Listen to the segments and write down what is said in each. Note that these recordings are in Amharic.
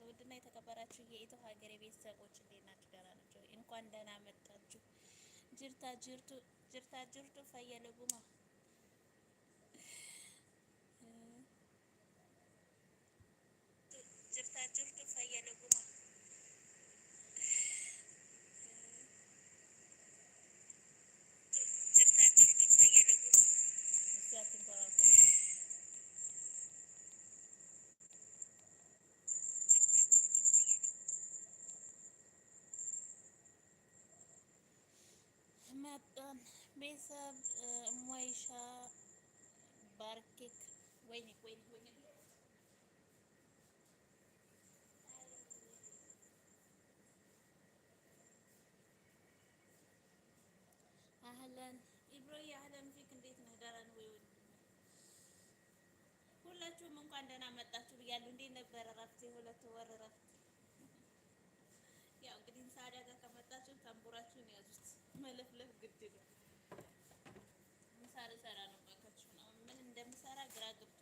ወበረካቱ ውድና የተከበራችሁ የኢትዮ ሀገሬ ቤተሰቦች እንዴት ናችሁ? ደህና ናቸው። እንኳን ደህና መጣችሁ። ጅርታ ጅርቱ ፈየልጉማ ሁላችሁም እንኳን ደህና መጣችሁ ብያለሁ። እንዴት ነበረ እረፍት? የሁለት ወር እረፍት። ያው እንግዲህ ሳዳ ጋር ከመጣችሁ ታምቡራችሁን ያዙት፣ መለፍለፍ ግድ ነው። ምሳሌ ሰራ ነው ባካችሁ። አሁን ምን እንደምሰራ ግራ ግብ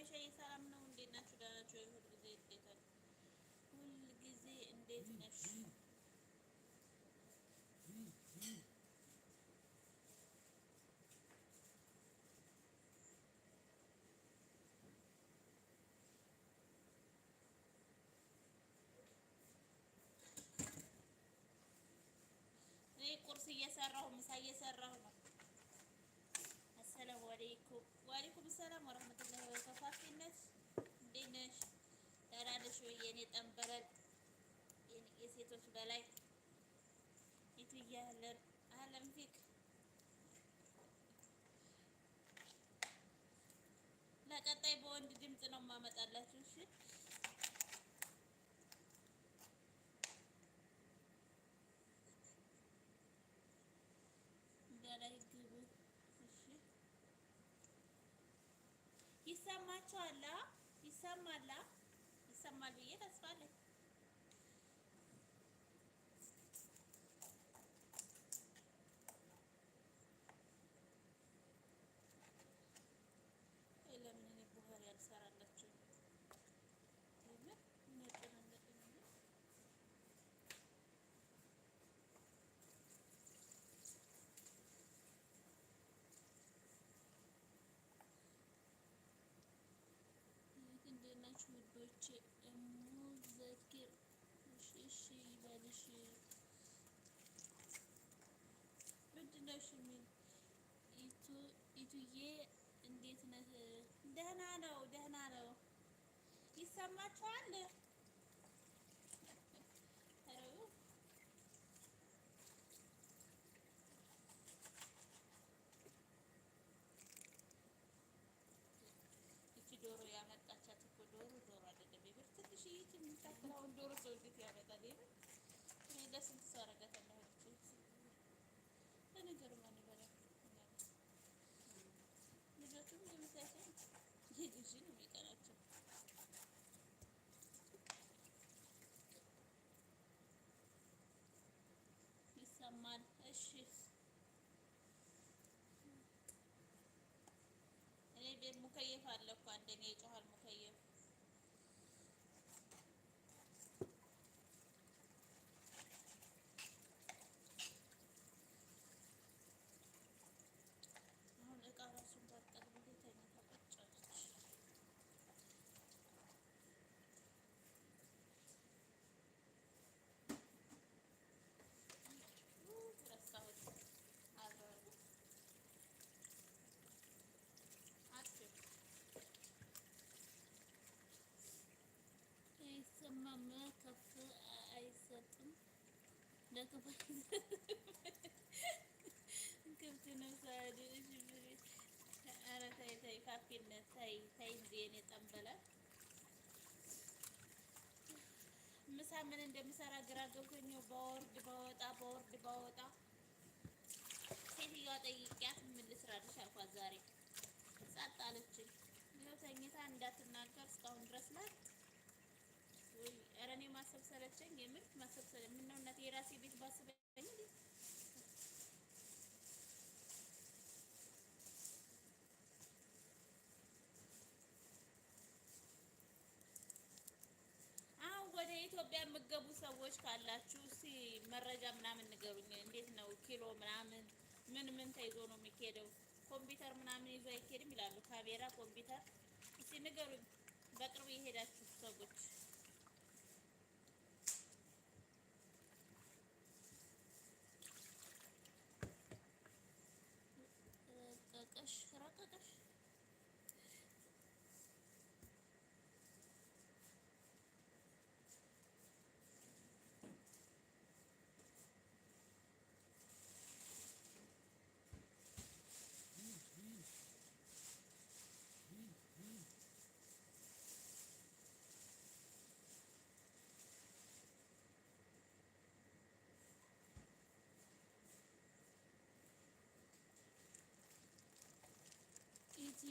ማይሻ የሰላም ነው። እንዴት ናችሁ? ደህና ናችሁ? ሁል ጊዜ እንዴት ነው? ሁል ጊዜ እንዴት ነሽ? እኔ ቁርስ እየሰራሁ ምሳ እየሰራሁ ነው። አሰላሙ አለይኩም ዋሌኩም ሰላም ወረህመቱላሂ ወበረካቱህ። እንዴት ነሽ? ደህና ነሽ ወይ? የኔ ጠንበረል የሴቶች በላይ ይትያለን አለም ፊክ ለቀጣይ በወንድ ድምፅ ነው የማመጣላችሁ። ይሰማችኋል? ይሰማል ብዬ ተስፋ አለኝ። እች እሙዘኪር እሺ ይበልሽ ምንድን ነው ኢቱዬ እንዴት ነህ? ደህና ነው፣ ደህና ነው። ይሰማችኋል? ለስንት ሰው አደርጋታለሁ። ለነገሩ ማን ይበላል? ልጆቹም የምታይሰው ይህ ግዢ ነው። ክብት ነው። ኧረ ተይ ተይ፣ ካፌነት ተይ ተይ እንጂ የእኔ ጠንበላ ምሳ ምን እንደምሰራ ግራ ገብቶኝ በወርድ በወጣ፣ በወርድ በወጣ ሴትዮዋ ጠይቂያት ምን ልስራልሽ አልኳት። ዛሬ ጸጥ አለችኝ። ይኸው ተኝታ እንዳትናገር እስካሁን ድረስ ላይ ሰለቸኝ። የምር ማሰብ ሰለ ምን ነው እናቴ የራሴ ቤት ባስበኝ እንዴ ወደ ኢትዮጵያ የምገቡ ሰዎች ካላችሁ እስቲ መረጃ ምናምን ንገሩኝ። እንዴት ነው ኪሎ ምናምን ምን ምን ተይዞ ነው የሚኬደው? ኮምፒውተር ምናምን ይዞ አይኬድም ይላሉ። ካሜራ፣ ኮምፒውተር እስቲ ንገሩኝ። በቅርብ የሄዳችሁ ሰዎች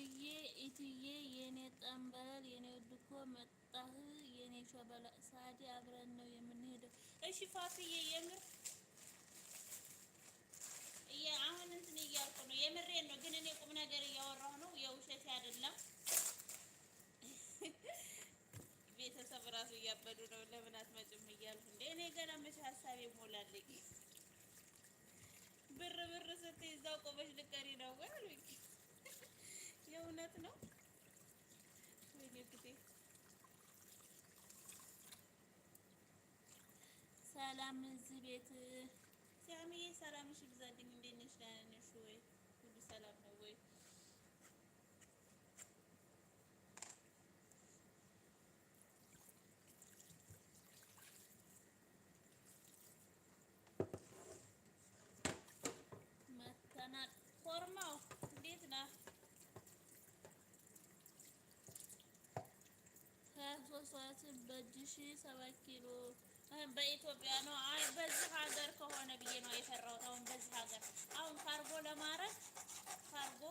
እትዬ እትዬ የኔ ጠንበል የኔ ድኮ መጣህ የኔ ሸበላ ሳዲ አብረን ነው የምንሄደው። እሺ ፋፍዬ የምር አሁን እንትን እያልኩ ነው የምሬን ነው፣ ግን እኔ ቁም ነገር እያወራሁ ነው የውሸት አይደለም። ቤተሰብ ራሱ እያበዱ ነው። ለምን አትመጭም እያልኩ እንደ እኔ ገና መቼ ሀሳቤ ሞላለኝ። ብር ብር ስትይዛው እዛው ልቀሪ ነው ወይ አሉኝ። የእውነት ነው። ወይኔ ጊዜ ሰላም እዚህ ቤት ሲያምዬ፣ ሰላምሽ ብዛልኝ። እንዴት ነሽ? ደህና ነሽ ወይ? ሰዓት በእጅሽ ሰባት ኪሎ በኢትዮጵያ ነው። አይ በዚህ ሀገር ከሆነ ብዬ ነው የፈራሁት። አሁን በዚህ ሀገር አሁን ካርጎ ለማድረግ ካርጎ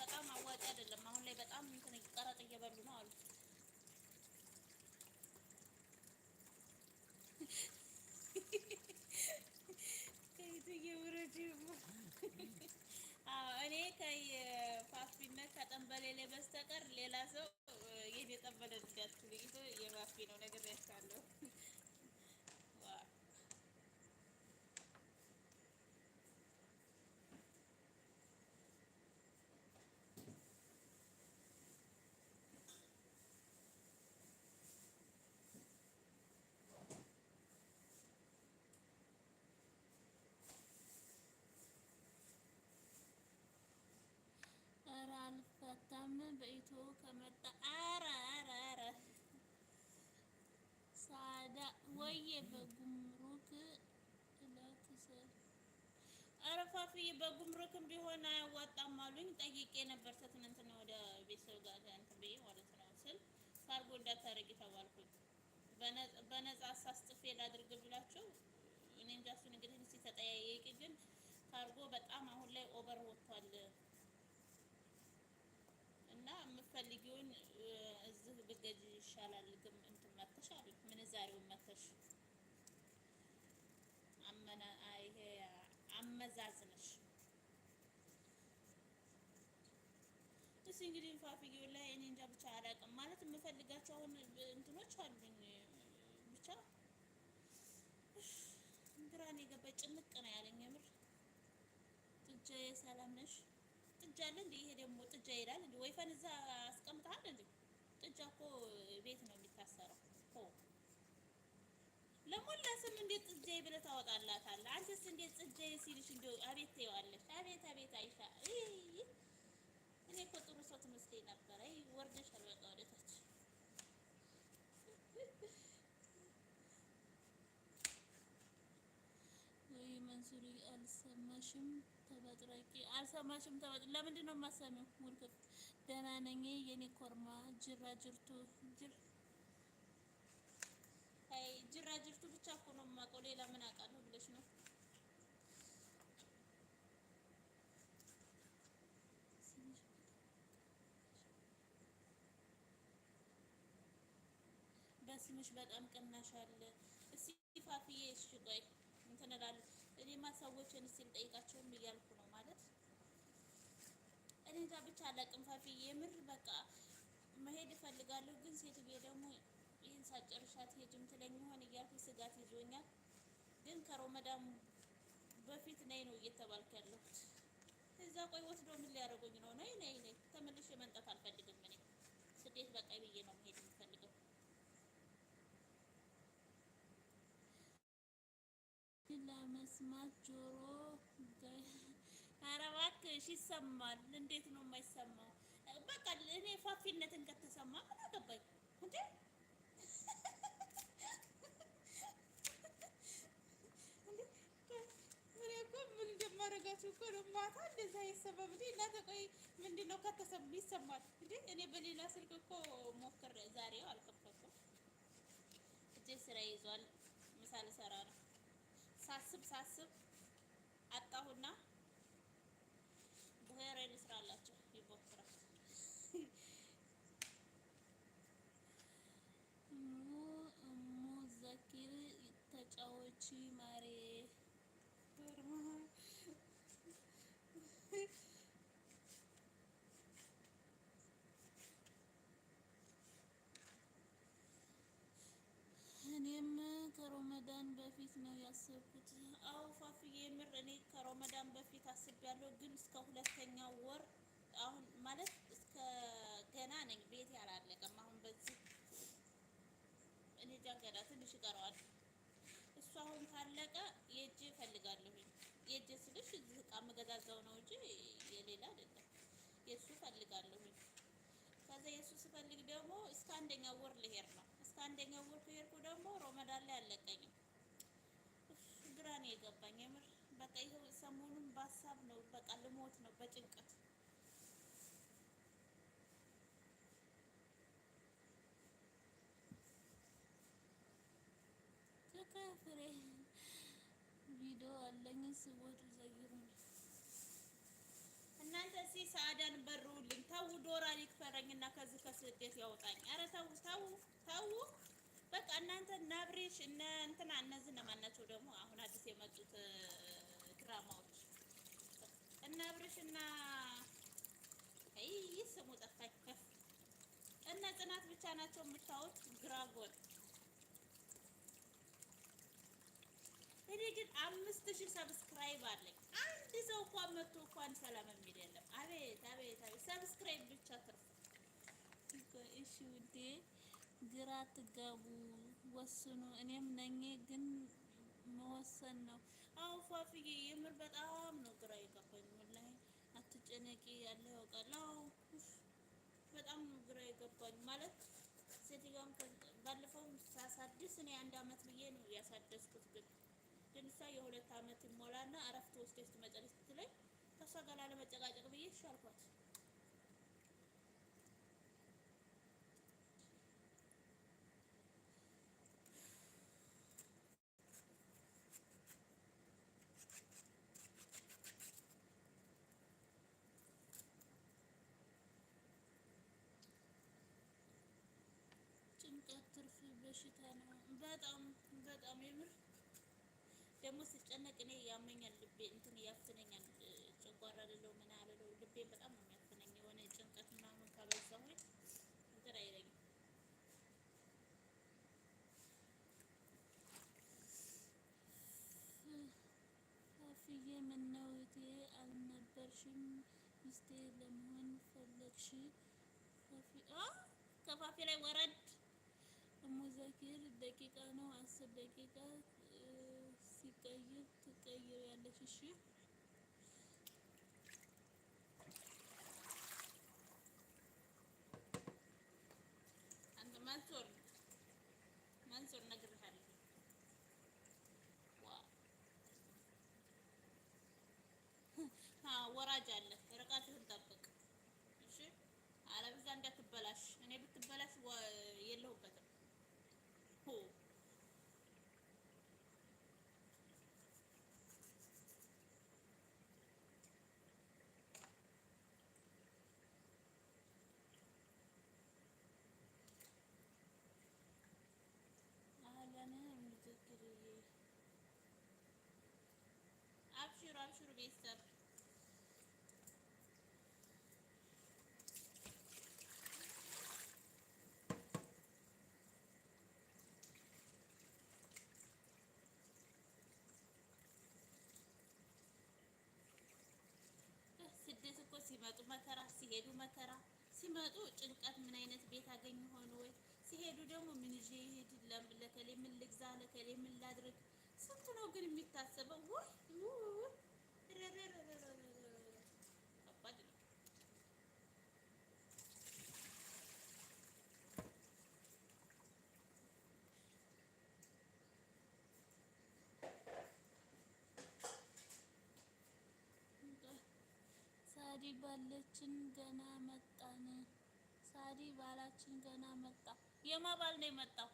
በጣም አዋጭ አይደለም። አሁን ላይ በጣም እንትን ቀረጥ እየበሉ ነው አሉ። እኔ ከፋፊነት ከጠንበሌ ላይ በደንብ እንዳትልይት የባፌ ነው ነገር ያስካለሁ። ኧረ አልፈታም በኢትዮ ከመጣ በጉምሩክ እለት አረፋፊ በጉምሩክም ቢሆን አያዋጣም አሉኝ። ጠይቄ ነበር ተትናንትና ወደ ቤተሰብ ጋር እንትን ብዬ ማለት ነው ስል ካርጎ እንዳታረጊ ተባልኩኝ። በነጻ አሳስጥፌ ላድርግ ብላቸው እኔ እንጃ። እሱን እንግዲህ እስኪ ተጠያየቂ። ግን ካርጎ በጣም አሁን ላይ ኦቨር ወጥቷል እና የምትፈልጊውን እዚህ ብትገዢ ይሻላል። ግን እንትን መተሽ አሉኝ ምንዛሬውን መተሽ አመዛዝነሽ እስ እንግዲህ ፋፍዬው ላይ እኔ እንጃ ብቻ አላውቅም። ማለት የምፈልጋቸው አሁን እንትኖች አሉኝ ብቻ ግራን የገባኝ ጭንቅ ነው ያለኝ። የምር ጥጃዬ ሰላም ነሽ? ጥጃ አለ እንደ ይሄ ደግሞ ጥጃ ይሄዳል እንደ ወይፈን እዛ አስቀምጠሃል እንደ ጥጃ እኮ ቤት ነው የሚታሰረው። ለሞላ ስም እንዴት ጽጃዬ ብለህ ታወጣላታለህ? አንተስ እንዴት ጽጃዬ ሲልሽ እንደው አቤት ትይዋለሽ። አቤት አቤት፣ አይሻ እኔ እኮ ጥሩ ሰው ትመስለኝ ነበር። አይ ወርደሻል፣ በቃ ወደ ታች ወይ መንሱሪ አልሰማሽም? ተበጥረቂ አልሰማሽም? ተበጥ ለምንድን ነው የማሰሚው? ሙልክ ደህና ነኝ የኔ ኮርማ ጅራ ጅርቱ ራስኩ ነው የማውቀው፣ ሌላ ምን አውቃለሁ ብለሽ ነው። በስምሽ በጣም ቅናሽ አለ። እስኪ ፋፍዬ፣ እሺ ቆይ እንትን እላለሁ እኔማ ሰዎችን እስኪ ልጠይቃቸውም እያልኩ ነው ማለት እኔ ጋር ብቻ አላውቅም። ፋፍዬ የምር በቃ መሄድ እፈልጋለሁ፣ ግን ሴትዬ ደግሞ ይህን ሳጨርሽ አትሄጂም ትለኝ ይሆን እያልኩኝ ስጋት ይዞኛል። ግን ከሮመዳን በፊት ነይ ነው እየተባልክ ያለሁት። እዛ ቆይ ወስዶ ምን ሊያደርጉኝ ነው? ነይ ነይ ነይ። ተመልሼ መንጣት አልፈልግም። እኔ ስደት በቃይ ብዬ ነው መሄድ የምፈልገው። ለመስማት ጆሮ ኧረ ይሰማል። እንዴት ነው የማይሰማው? በቃ እኔ ፋፊነትን ከተሰማ ምን አገባኝ እንዴ? ባረጋችሁ እኮ ነው። ማታ እንደዛ አይሰማም እንዴ? እናተ ቆይ ምንድን ነው ከተሰማ ይሰማል እንዴ? እኔ በሌላ ስልክ እኮ ሞክር፣ ዛሬው አልከፈትኩም። እጄ ስራ ይዟል። ምሳ ልሰራ ነው። ሳስብ ሳስብ አጣሁና ቡሄሬ ልስራ አላቸው። ይሞክራል ሙዘኪር ተጫዋች ማሬ ቤት ነው ያሰብኩት። አዎ ፋፍዬ የምር እኔ ከረመዳን በፊት አስቤያለሁ፣ ግን እስከ ሁለተኛው ወር አሁን ማለት እስከ ገና ነኝ ቤት ያላለቀም። አሁን በዚህ እኔ ጃገዳ ትንሽ ይቀረዋል። እሱ አሁን ካለቀ የእጄ እፈልጋለሁ። የእጄ ስልሽ እዚህ ዕቃ መገዛዛው ነው እንጂ የሌላ አይደለም። የእሱ እፈልጋለሁ። ከዛ የእሱ ስፈልግ ደግሞ እስከ አንደኛ ወር ልሄድ ነው። እስከ አንደኛ ወር ከሄድኩ ደግሞ ሮመዳን ላይ አለቀኝም። ነው የገባኝ። የምር በቃ ይኸው ሰሞኑን በሀሳብ ነው በቃ ልሞት ነው በጭንቀት ፍሬ ቪዲዮ አለኝ ስወዱ ዘይሩ እናንተ እዚህ ሰአዳን በሩልኝ። ተው ዶራሪ ክፈረኝና ከዚህ ከስደት ያውጣኝ። ኧረ ተው ተው ተው በቃ እናንተ ናብሬሽ አብሬሽ እነ እንትና እነዚህ ነማናቸው ደግሞ አሁን አዲስ የመጡት ድራማዎች እነ አብሬሽ እና ይህ ስሙ ጠፋኝ እነ ጽናት ብቻ ናቸው የምታዩት ግራጎን እኔ ግን አምስት ሺህ ሰብስክራይብ አለኝ። አንድ ሰው እንኳን መቶ እንኳን ሰላም የሚል የለም። አቤት አቤት አቤት ሰብስክራይብ ብቻ ትርፍ። እሺ ውዴ ግራ ትገቡ ወስኑ። እኔም ነኝ ግን መወሰን ነው። አዎ ፏፍዬ፣ የምር በጣም ነው ግራ የገባኝ። ወላሂ አትጨነቂ ያለ ያውቃለሁ። በጣም ነው ግራ የገባኝ ማለት ሴትዮዋም ባለፈው ሳሳድስ እኔ አንድ አመት ብዬ ነው ያሳደስኩት። ግን ግን የሁለት አመት ይሞላና እረፍት ወስደሽ ትመጫለሽ ስትለኝ ከእሷ ጋር ላለመጨቃጨቅ ብዬ እሺ በሽታ ነው። በጣም በጣም የምር ደግሞ ስጨነቅ እኔ ያመኛል ልቤ እንትን ያፍነኛል። ጨጓራ ልለው ምን አልለው ልቤ በጣም ነው የሚያፍነኝ። የሆነ ጭንቀት ምናምን እንትን አይለኝም። አፍዬ እቴ አልነበርሽም ሚስቴ ለመሆን ፈለግሽ? ከፋፊ ላይ ወረድ ذاكر دقيقة نو عصر دقيقة سيكاير تكاير يالك الشيء عند منصور منصور نقر حالي واو ها وراجع لك አብሽሩ ቤተሰብ ስደት እኮ ሲመጡ መከራ፣ ሲሄዱ መከራ፣ ሲመጡ ጭንቀት። ምን አይነት ቤት አገኝ ሆኑ ወይ? ሲሄዱ ደግሞ ምን ይዤ ይሄድ ለከሌ ምን ልግዛ፣ ለከሌ ምን ላድርግ። ስንቱ ነው ግን የሚታሰበው ወይ ሳዲ ባለችን ገና መጣን። ሳዲ ባላችን ገና መጣ። የማ ባል ነው የመጣው?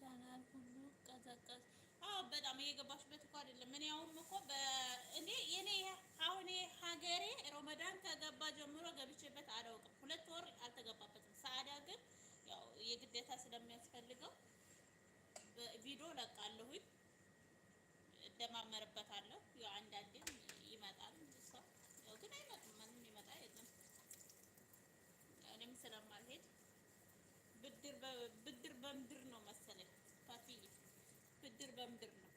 ቻናል ሁሉ ቀዘቀዝ። አዎ በጣም እየገባሽበት እኮ አይደለም። እኔ አሁን እኮ እኔ የኔ አሁን ሀገሬ ሮመዳን ከገባ ጀምሮ ገብቼበት አላውቅም። ሁለት ወር አልተገባበትም። ሰዓዳ ግን ያው የግዴታ ስለሚያስፈልገው ቪዲዮ ለቃለሁኝ በምድር ነው።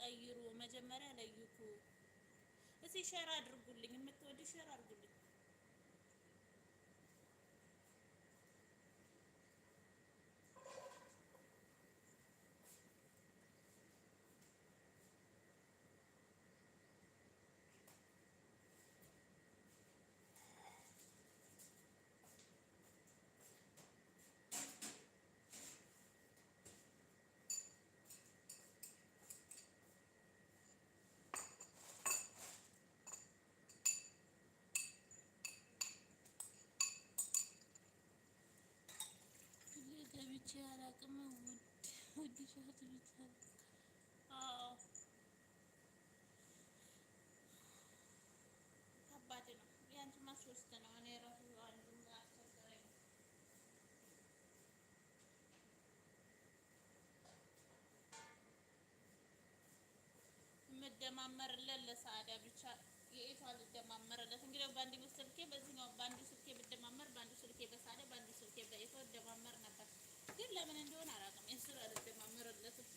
ቀይሩ መጀመሪያ ለይኩ። እዚህ ሸራ አድርጉልኝ፣ የምትወዱ ሸራ አድርጉልኝ። አዲስ እህት ከባድ ነው። የአንቺማ ሶስት ነው። እኔ እራሱ አንዱ አስቸገረኝ። የምደማመርለት ብቻ የኤቷ ልደማመርለት እንግዲህ በአንድ ስልኬ በዚህኛው በአንዱ ስልኬ ብደማመር በአንዱ ስልኬ በሰዓዳ በአንዱ ስልኬ በኤቷ ልደማመር ነበር፣ ግን ለምን እንደሆነ አላ ቋሚን ስራ አልደማመረለትም።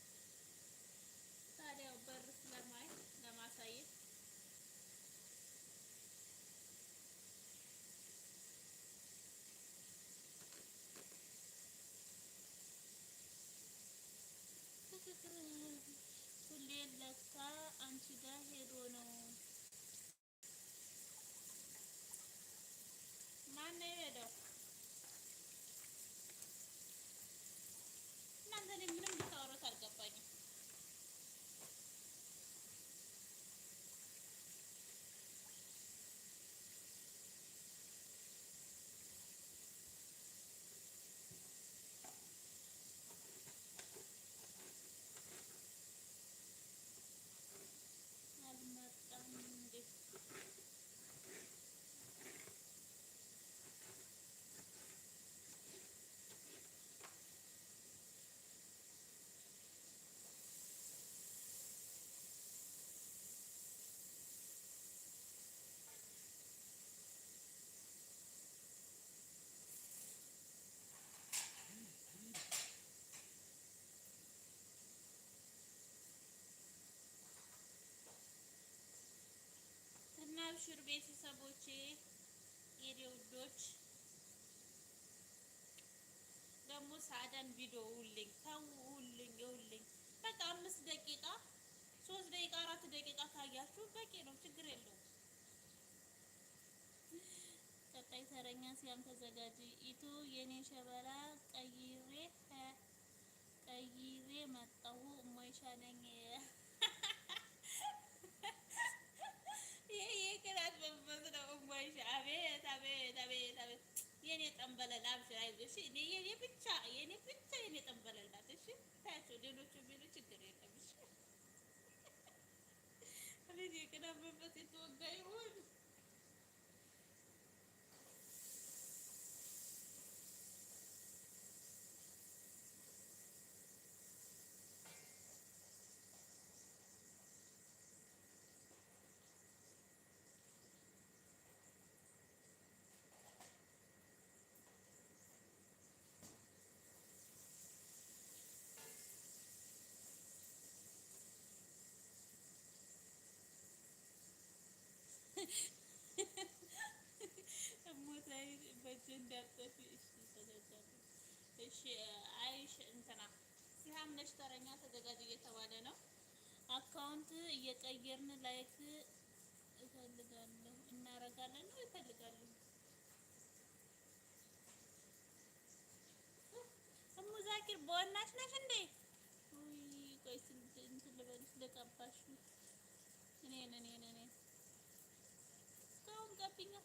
ታዲያው በር ስለማየት ለማሳየት ሁሌ ለካ አንቺ ጋር ሄዶ ነው አብሹር ቤተሰቦቼ የኔ ውዶች ደግሞ ሰአዳን ቪዲዮ ውልኝ በቃ አምስት ደቂቃ ሶስት ደቂቃ አራት ደቂቃ በቂ ነው፣ ችግር የለውም። ቀጣይ ተረኛ ሲያም ተዘጋጅ ኢቱ የኔ ሸበላ ቀይሬ ቀይሬ መጣሁ ሞይሻ ነኝ አቤት የኔ ጠንበለላ አብሽር፣ አይዞሽ እኔ የኔ ብቻ የኔ ብቻ የኔ ጠንበለል እሺ ታያቸው ሌሎቹ ቢሉ ችግር የለም። እሺ እኔ ግን መንፈስ የተወጋ ይሆን ሞት ላይ ተዘጋጅ እየተባለ ነው። አካውንት እየቀየርን ላይክ እፈልጋለሁ እናረጋለን ነው ይፈልጋሉ። እሙ ዛኪር በወናሽ ነሽ እንዴ? ቆይ እንትን ልበልሽ ልቀባሽ እኔን እኔን እኔን gabi nga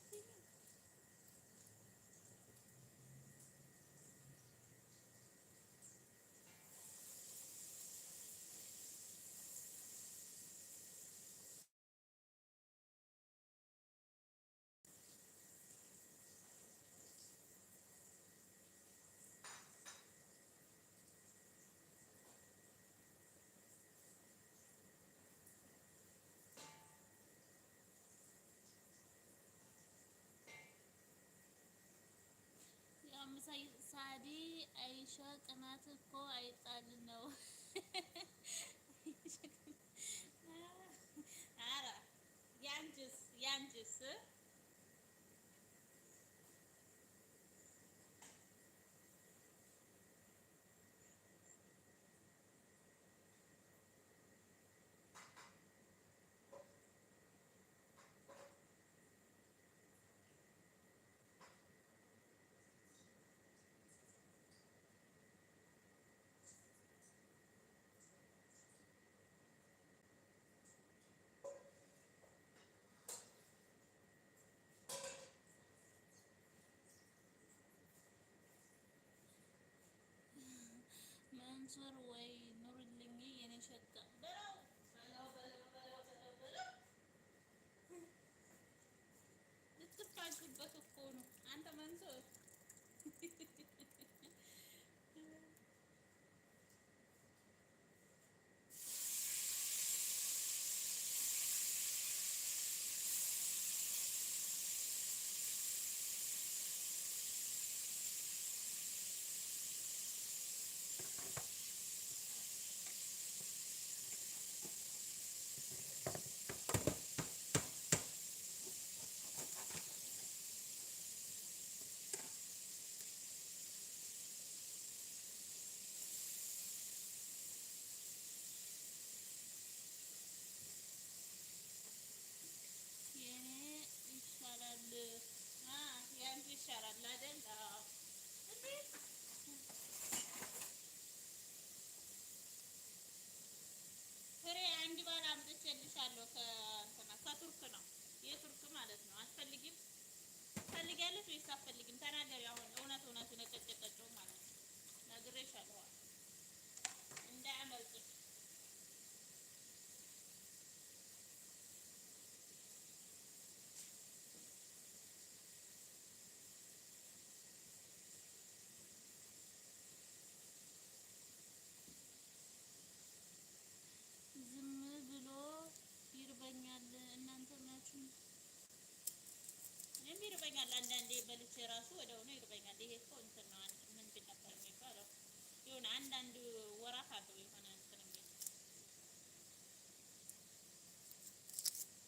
ሳዲ አይሻ ቅናት እኮ ዞር ወይ ኑርልኝ የኔ ሸጋ በለው ልትፋጩበት እኮ ነው አንተ መንዞር አመጣለሁ ከእንትና ከቱርክ ነው የቱርክ ማለት ነው። አትፈልጊም? ትፈልጊያለሽ ወይስ አትፈልጊም? ተናገሪ አሁን እውነት እውነቱን የቀጨቀጨው ማለት ነው። ነግሬሻለሁ እኮ እንትን ነው ምንድን ነበር የሚባለው የሆነ አንዳንድ ወራት አለው የሆነ እንትን የሚል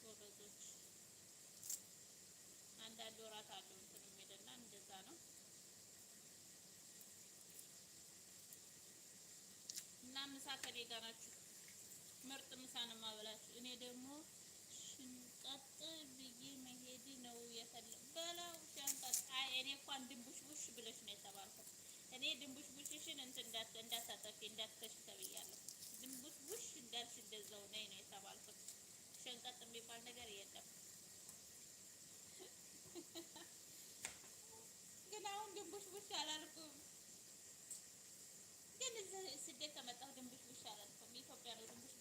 ጎበዞች፣ አንዳንድ ወራት አለው እንትን የሚልና እንደዛ ነው እና ምሳ ከኔ ጋር ናችሁ። ምርጥ ምሳ ነው የማበላችሁ። እኔ ደግሞ ሽንቀጥ ብዬ መሄድ ነው የፈለግ በላው እኔ እንኳን ቡሽ ብለሽ ነው የተባልኩት። እኔ ድንቡሽ ቡሽሽን እንትን እንዳታጠፊ እንዳትከሽ ተብያለሁ። ድንቡሽ ቡሽ እንዳልሽ እንደዛው ነይ ነው የተባልኩት። ሸንቀጥ የሚባል ነገር የለም። ግን አሁን ድንቡሽ ቡሽ አላልኩም። ግን ስደት ከመጣሁ ቡሽ አላልኩም። ኢትዮጵያ ነው ድንቡሽ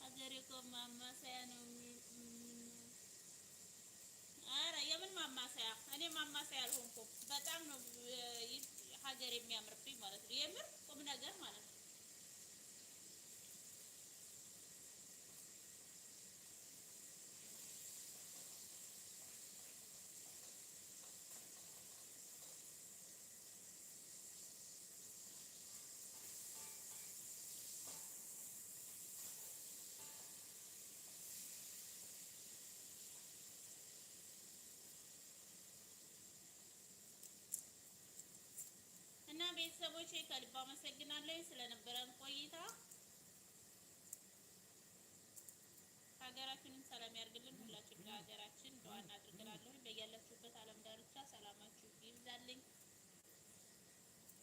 ሀገሬ እኮ ማማሰያ ነው። ኧረ የምን ማማሰያ? እኔ ማማሰያ አልሆንኩም። በጣም ነው ሀገር የሚያምርብኝ ማለት ነው። የምር ቁም ነገር ማለት ነው። ቤተሰቦቼ ከልብ አመሰግናለሁ ስለነበረን ቆይታ። ሀገራችንን ሰላም ያርግልን። ሁላችን ለሀገራችን ደዋና አድርግላለሁ። በያላችሁበት ዓለም ዳርቻ ሰላማችሁ ይብዛልኝ።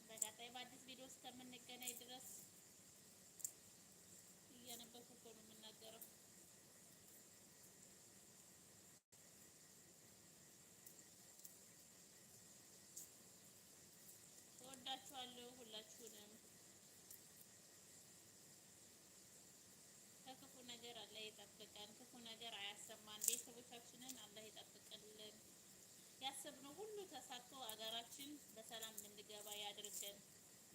በቀጣይ በአዲስ ቪዲዮ እስከምንገናኝ ድረስ እያነበብኩ ተሳክቶ አገራችን በሰላም እንድገባ ያድርገን።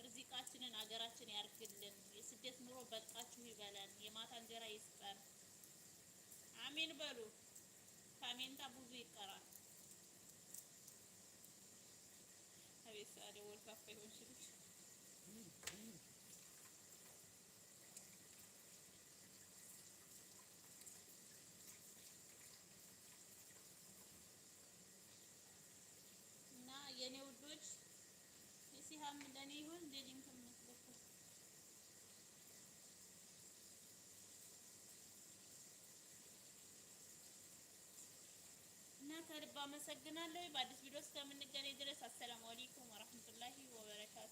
ርዚቃችንን አገራችን ያርግልን። የስደት ኑሮ በቃችሁ ይበላል። የማታ እንጀራ ይስጠን። አሜን በሉ። ካሜንታ ብዙ ይቀራል። አቤት ሰዓደ ወልፋፋ ይሆንሽ ከልብ አመሰግናለሁ። በአዲስ ቪዲዮ እስከምንገናኝ ድረስ አሰላሙ አለይኩም ወረህመቱላሂ ወበረካቱ።